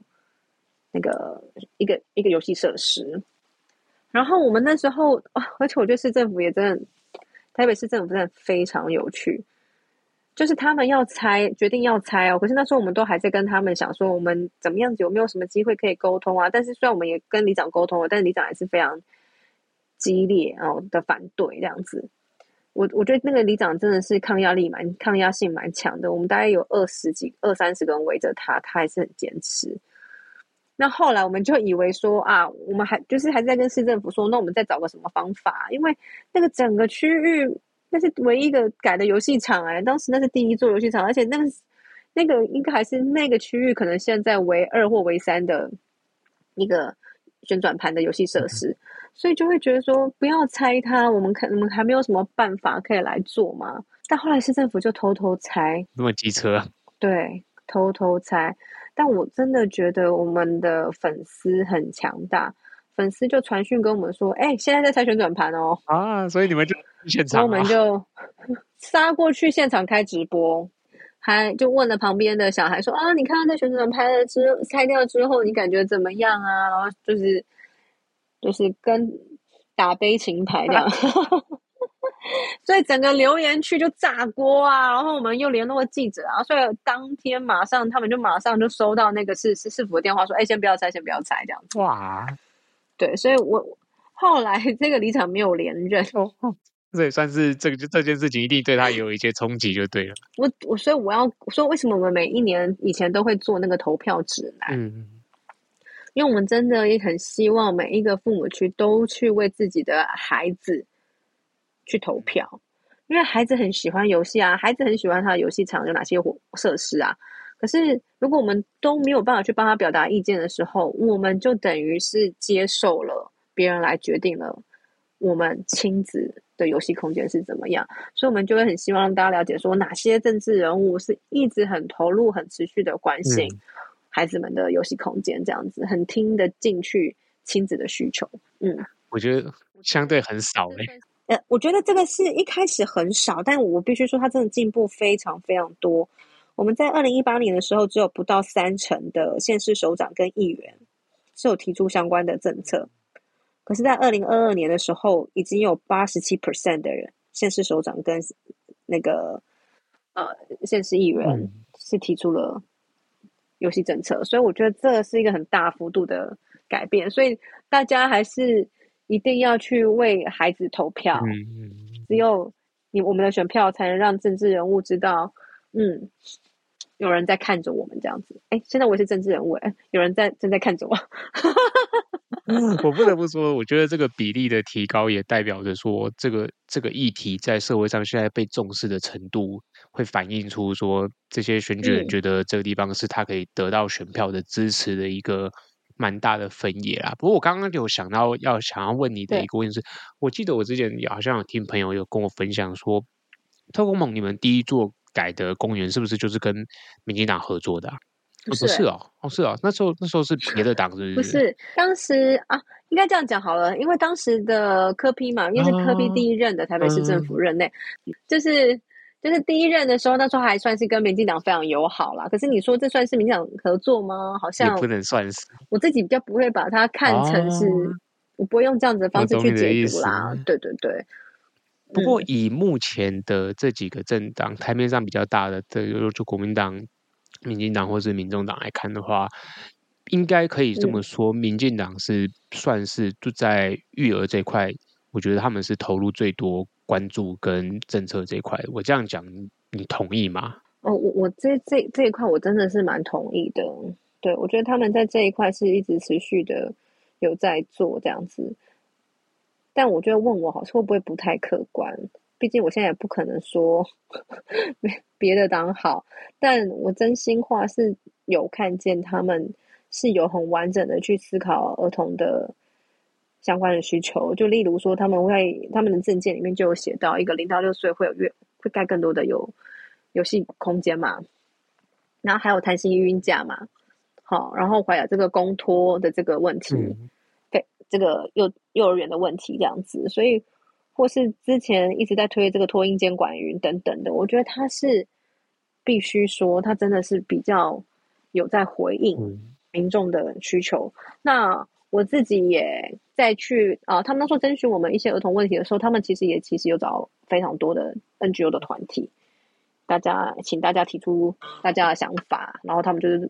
B: 那個一個，一個遊戲設施。然後我們那時候，哦，而且我覺得市政府也真的，台北市政府真的非常有趣。就是他們要拆，決定要拆哦。可是那時候我們都還在跟他們想說，我們怎麼樣子有沒有什麼機會可以溝通啊？但是雖然我們也跟里長溝通了，但是里長還是非常激烈哦的反對這樣子。我我覺得那個里長真的是抗壓力蠻抗壓性蠻強的。我們大概有二十幾二三十個人圍着他，他還是很堅持。那後來我們就以為說啊，我們還就是還是在跟市政府說，那我們再找個什麼方法？因為那個整個區域。那是唯一一個改的遊戲場哎、欸，當時那是第一座遊戲場，而且那個那個應該還是那個區域可能現在唯二或唯三的一個旋轉盤的遊戲設施，嗯、所以就會覺得說不要拆它，我們可我們還沒有什麼辦法可以來做嘛。但後來市政府就偷偷拆，
A: 那麼機車、
B: 啊？對，偷偷拆。但我真的覺得我們的粉絲很強大。粉絲就傳訊跟我們說：“哎、欸，現在在拆旋轉盤哦。”
A: 啊，所以你們就現場、啊，後我們就
B: 殺過去現場開直播，還就問了旁邊的小孩說：“啊，你看這旋轉盤拆了之拆掉之後，你感覺怎麼樣啊？”然後就是就是跟打悲情牌這樣，啊、 所以整個留言區就炸鍋啊！然後我們又聯絡了記者啊，然後所以當天馬上他們就馬上就收到那個市市市府的電話說：“哎、欸，先不要拆，先不要拆。”這樣子哇。對，所以我後來這個理事長沒有連任，
A: 所以算是這個就這件事情一定對他有一些衝擊，就對了。
B: 我我所以我要說，為什麼我們每一年以前都會做那個投票指南？嗯
A: 嗯，
B: 因為我們真的也很希望每一個父母去都去為自己的孩子去投票，嗯、因為孩子很喜歡遊戲啊，孩子很喜歡他的遊戲場有哪些設施啊。可是，如果我們都沒有辦法去幫他表達意見的時候，我們就等於是接受了別人來決定了我們親子的遊戲空間是怎麼樣，所以，我們就會很希望讓大家了解說，哪些政治人物是一直很投入、很持續的關心孩子們的遊戲空間，這樣子、嗯、很聽得進去親子的需求。嗯，
A: 我覺得相對很少嘞、
B: 欸。呃、嗯，我覺得這個是一開始很少，但我必須說，他真的進步非常非常多。我們在二零一八年的時候，只有不到三成的縣市首長跟議員是有提出相關的政策。可是，在二零二二年的時候，已經有八十七 percent 的人，縣市首長跟那個呃縣市議員、嗯、是提出了遊戲政策。所以，我覺得這是一個很大幅度的改變。所以，大家還是一定要去為孩子投票。只有你我們的選票，才能讓政治人物知道。嗯，有人在看着我們這樣子。哎、欸，現在我是政治人物，哎，有人在正在看着我。哈哈哈。
A: 嗯，我不得不說，我覺得這個比例的提高也代表着說，這個這個議題在社會上現在被重視的程度，會反映出說這些選舉人覺得這個地方是他可以得到選票的支持的一個蠻大的分野啊。嗯、不過我剛剛有想到要想要問你的一個問題是，是對我記得我之前好像有聽朋友有跟我分享說，特公盟你們第一座。改的公園是不是就是跟民進黨合作的？啊，
B: 不是哦，是哦，
A: 哦是哦，那時候那時候是別的黨人不，不是？
B: 當時啊，應該這樣講好了，因為當時的柯 P 嘛，因為是柯 P 第一任的台北市政府任內，啊嗯、就是就是第一任的時候，那時候還算是跟民進黨非常友好啦。可是你說這算是民進黨合作嗎？好像不能算是。我自己比較不會把它看成是，啊、我不會用這樣子的方式去解讀啦。對對對。
A: 不過，以目前的這幾個政黨、嗯、台面上比較大的，對，就國民黨、民進黨或是民眾黨來看的話，應該可以這麼說，嗯、民進黨是算是就在育兒這塊，我覺得他們是投入最多、關注跟政策這塊。我這樣講，你你同意嗎？
B: 哦，我我這這這一塊，我真的是蠻同意的。對，我覺得他們在這一塊是一直持續的有在做這樣子。但我覺得問我好，會不會不太客觀？畢竟我現在也不可能說別 的黨好。但我真心話是有看見他們是有很完整的去思考兒童的相關的需求。就例如說他，他們會他們的政見裡面就有寫到，一個零到六歲會有月，會蓋更多的有遊戲空間嘛。然後還有彈性育嬰假嘛，好，然後懷有這個公托的這個問題。嗯這個幼幼兒園的問題這樣子，所以或是之前一直在推這個托嬰監管雲等等的，我覺得他是必須說，他真的是比較有在回應民眾的需求。嗯、那我自己也在去啊、呃，他們當時候徵詢我們一些兒童問題的時候，他們其實也其實有找非常多的 NGO 的團體，大家請大家提出大家的想法，然後他們就是。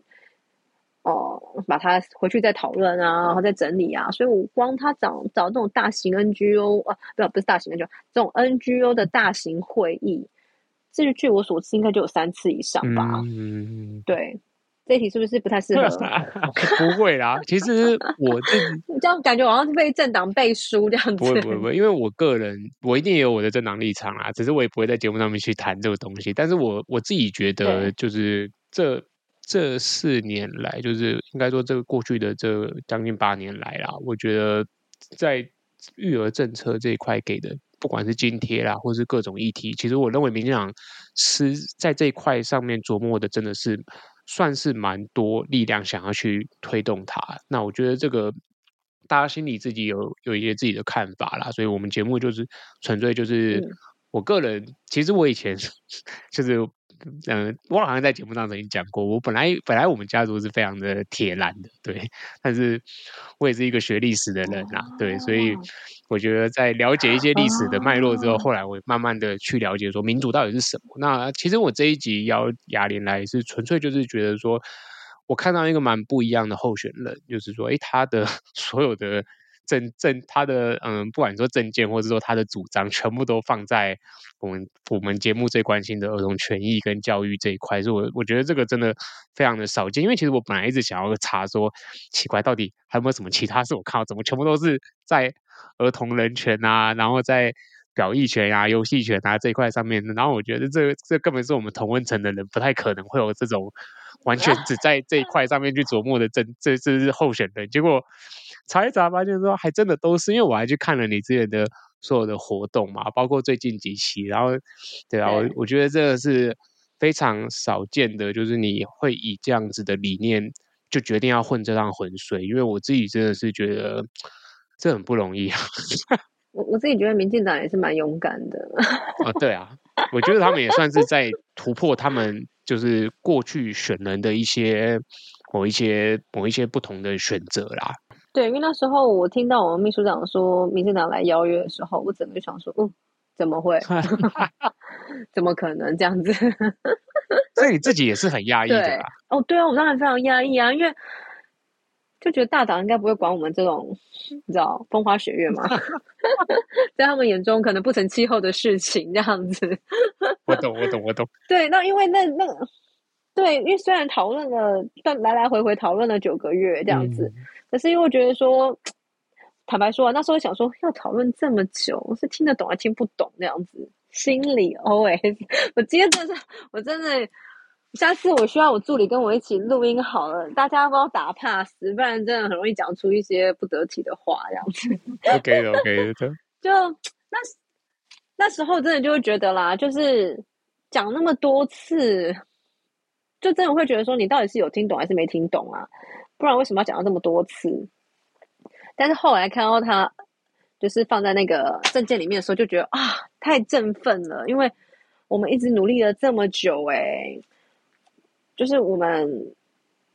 B: 哦，把它回去再討論啊，然後再整理啊。所以，我光他找找這種大型 NGO 啊，不，不是大型 NGO，這種 NGO 的大型會議，這是據我所知，應該就有三次以上吧。嗯，對，這一題是不是不太適合
A: 呵呵？不會啦， 其實我自己這
B: 樣感覺，好像是被政黨背書這樣子。不，不會不會，
A: 因為我個人，我一定也有我的政黨立場啊。只是我也不會在節目上面去談這個東西。但是我我自己覺得，就是這。這四年來，就是應該說，這個過去的這將近八年來啦，我覺得在育兒政策這一塊給的，不管是津貼啦，或者是各種議題，其實我認為民進黨是在這一塊上面琢磨的，真的是算是蠻多力量想要去推動它。那我覺得這個大家心裡自己有有一些自己的看法啦，所以我們節目就是純粹就是我個人，其實我以前就是。嗯、呃，我好像在節目上曾經講過，我本來本來我們家族是非常的鐵藍的，對，但是我也是一個學歷史的人吶、啊，對，所以我覺得在了解一些歷史的脈絡之後，後來我慢慢的去了解說民主到底是什麼。那其實我這一集邀雅琳來是純粹就是覺得說，我看到一個蠻不一樣的候選人，就是說，誒他的所有的。證證他的嗯，不管說政見，或者說他的主張，全部都放在我們我們節目最關心的兒童權益跟教育這一塊。所以我我覺得這個真的非常的少見。因為其實我本來一直想要查說，奇怪到底還有沒有什麼其他事？我看到怎麼全部都是在兒童人權啊，然後在表意權啊，遊戲權啊這一塊上面。然後我覺得這這根本是我們同溫層的人不太可能會有這種。完全只在這一塊上面去琢磨的這這 這是候選人，結果查一查吧，就是說還真的都是，因為我還去看了你之前的所有的活動嘛，包括最近幾期，然後對啊，對我我覺得這個是非常少見的，就是你會以這樣子的理念就決定要混這趟渾水，因為我自己真的是覺得這很不容易啊。
B: 我我自己覺得民進黨也是蠻勇敢的
A: 啊，對啊，我覺得他們也算是在突破他們。就是過去選人的一些某一些某一些不同的選擇啦。
B: 對，因為那時候我聽到我們秘書長說民進黨來邀約的時候，我整個就想說，嗯，怎麼會？ 怎麼可能這樣子？
A: 所以你自己也是很壓抑的
B: 啊。 哦，對啊，我當然非常壓抑啊，因為。就覺得大黨應該不會管我們這種，你知道，風花雪月嘛， 在他們眼中可能不成氣候的事情，這樣子 。
A: 我懂，我懂，我懂。
B: 對，那因為那那個對，因為雖然討論了，但來來回回討論了九個月這樣子，嗯、可是因為我覺得說，坦白說、啊，那時候想說要討論這麼久，是聽得懂還聽不懂那樣子？心裡 OS，我今天真的真的，我真的。下次我需要我助理跟我一起錄音好了，大家不要打 pass，不然真的很容易講出一些不得體的話。這樣子
A: ，OK 的，OK 的。
B: 就那那時候真的就會覺得啦，就是講那麼多次，就真的會覺得說你到底是有聽懂還是沒聽懂啊？不然為什麼要講到這麼多次？但是後來看到他就是放在那個政見裡面的時候，就覺得啊，太振奮了，因為我們一直努力了這麼久哎、欸。就是我們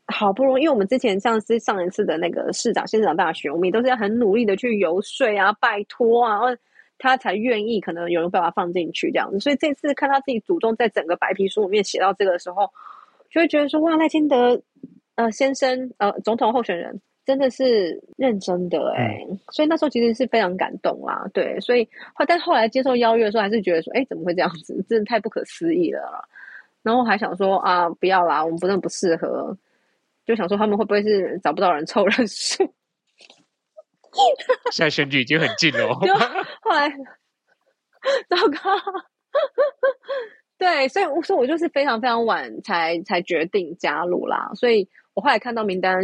B: 好不容易，因為我們之前像是上一次的那個市長、縣長大選，我們也都是要很努力的去遊說啊、拜託啊，他才願意，可能有人把他放進去這樣子。所以這次看他自己主動在整個白皮書裡面寫到這個的時候，就會覺得說：哇，賴清德呃先生呃總統候選人真的是認真的誒、欸嗯、所以那時候其實是非常感動啦、啊。對，所以後但後來接受邀約的時候，還是覺得說：哎，怎麼會這樣子？真的太不可思議了。然後還想說啊，不要啦，我們不能不適合。就想說他們會不會是找不到人湊人數？
A: 現在選舉已經很近了。 就後來，
B: 糟糕。 對，所以我說我就是非常非常晚才才決定加入啦。所以我後來看到名單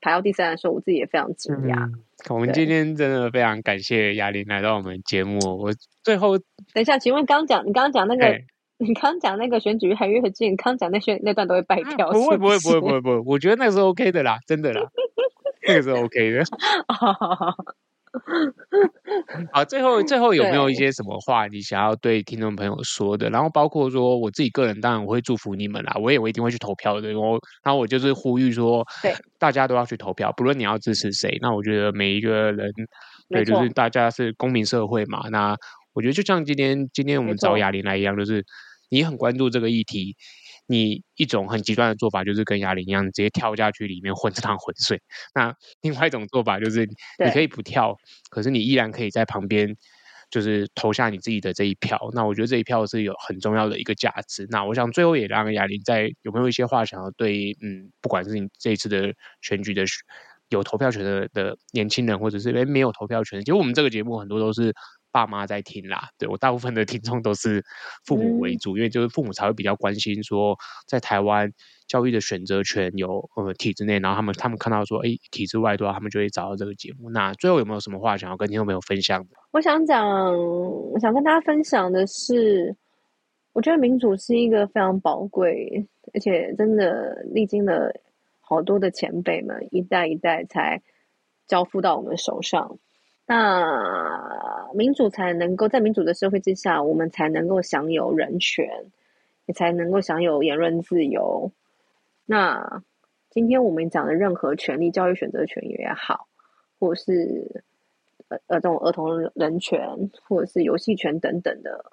B: 排到第三的時候，我自己也非常驚
A: 訝。嗯、對我們今天真的非常感謝雅琳來到我們節目。我
B: 最後等一下，請問剛講你剛剛講那個。你剛講那個選舉還越近，剛講那那段都會敗票、啊。不會不會不會不會
A: 不會，我覺得那個是 OK 的啦，真的啦， 那個是 OK 的。 好，最後最後有沒有一些什麼話你想要對聽眾朋友說的？然後包括說我自己個人，當然我會祝福你們啦，我也我一定會去投票的。然那我就是呼籲說，大家都要去投票，對不論你要支持誰。那我覺得每一個人，對，就是大家是公民社會嘛。錯那我覺得就像今天今天我們找雅琳來一樣，就是。你很關注這個議題，你一種很極端的做法就是跟雅琳一樣，直接跳下去裡面混這趟渾水。那另外一種做法就是，你可以不跳，對可是你依然可以在旁邊，就是投下你自己的這一票。那我覺得這一票是有很重要的一個價值。那我想最後也讓雅琳在有沒有一些話想要對，嗯，不管是你這一次的選舉的有投票權的的年輕人，或者是哎沒有投票權，其實我們這個節目很多都是。爸媽在聽啦，對，我大部分的聽眾都是父母為主，因為就是父母才會比較關心說，在台灣教育的選擇權有呃體制內，然後他們他們看到說，誒，體制外的話，他們就會找到這個節目。那最後有沒有什麼話想要跟聽眾朋友分享的？
B: 我想講，我想跟大家分享的是，我覺得民主是一個非常寶貴，而且真的歷經了好多的前輩們一代一代才交付到我們手上。那民主才能夠在民主的社會之下，我們才能夠享有人權，也才能夠享有言論自由。那今天我們講的任何權利，教育選擇權也好，或者是呃呃這種兒童人權，或者是遊戲權等等的，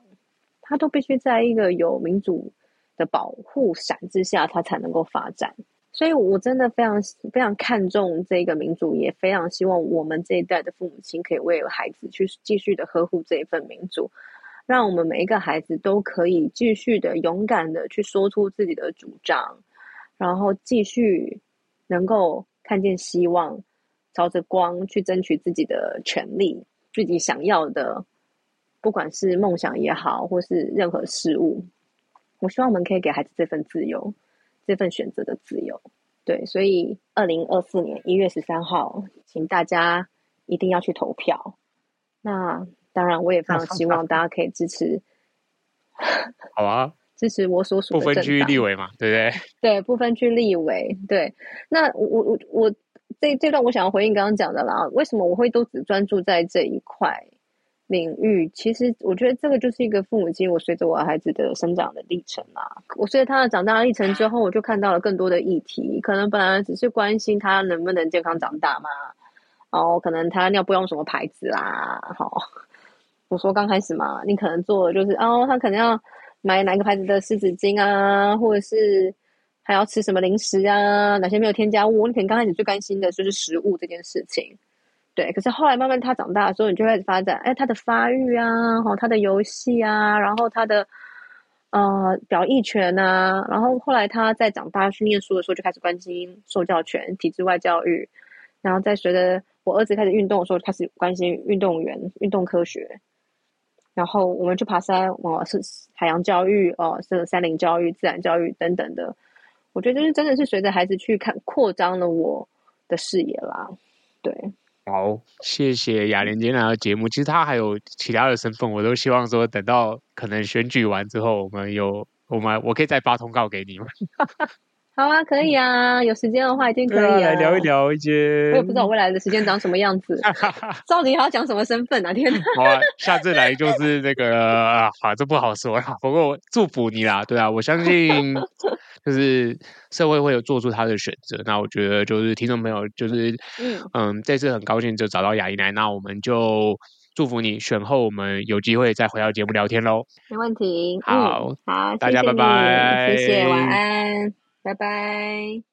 B: 它都必須在一個有民主的保護傘之下，它才能夠發展。所以，我真的非常非常看重這個民主，也非常希望我們這一代的父母親可以為了孩子去繼續的呵護這一份民主，讓我們每一個孩子都可以繼續的勇敢的去說出自己的主張，然後繼續能夠看見希望，朝着光去爭取自己的權利，自己想要的，不管是夢想也好，或是任何事物，我希望我們可以給孩子這份自由。這份選擇的自由，對，所以二零二四年一月十三號，請大家一定要去投票。那當然，我也非常希望大家可以支持。好啊，支持我所屬的不分區域立委嘛，對不對？對，不分區立委。對，那我我我這這段我想要回應剛剛講的啦，為什麼我會都只專注在這一塊？領域其實，我覺得這個就是一個父母經。我隨着我孩子的生長的歷程啊，我隨着他的長大歷程之後，我就看到了更多的議題。可能本來只是關心他能不能健康長大嘛，然、哦、後可能他尿布用什麼牌子啦，啊，好，我說剛開始嘛，你可能做的就是哦，他可能要買哪個牌子的濕紙巾啊，或者是還要吃什麼零食啊，哪些沒有添加物？你可能剛開始最關心的就是食物這件事情。對，可是後來慢慢他長大之後，你就開始發展，哎，他的發育啊，好，他的遊戲啊，然後他的呃表意權吶、啊，然後後來他在長大去念書的時候，就開始關心受教權、體制外教育，然後再隨着我兒子開始運動的時候，開始關心運動員、運動科學，然後我們去爬山哦，是海洋教育，哦，是、呃、森林教育、自然教育等等的。我覺得就是真的是隨着孩子去看，擴張了我的視野啦，對。
A: 好，謝謝雅琳姐兩個節目。其實他還有其他的身份，我都希望說等到可能選舉完之後我，我們有我們我可以再發通告給你們
B: 好啊，可以啊，有時間的話一定可以啊、呃。來聊
A: 一聊一些。我也不知
B: 道未來的時間長什麼樣子，到底還要講什麼身份啊？天
A: 哪，好啊，下次來就是那個，好、 啊啊，這不好說了。不、啊、過我祝福你啦，對啊，我相信就是社會會有做出他的選擇。 那我覺得就是聽眾朋友，就是嗯這、嗯、次很高興就找到雅琳來。那我們就祝福你選後，我們有機會再回到節目聊天嘍。沒
B: 問題。好、嗯，好，大家拜拜，bye bye 謝謝，晚安。拜拜。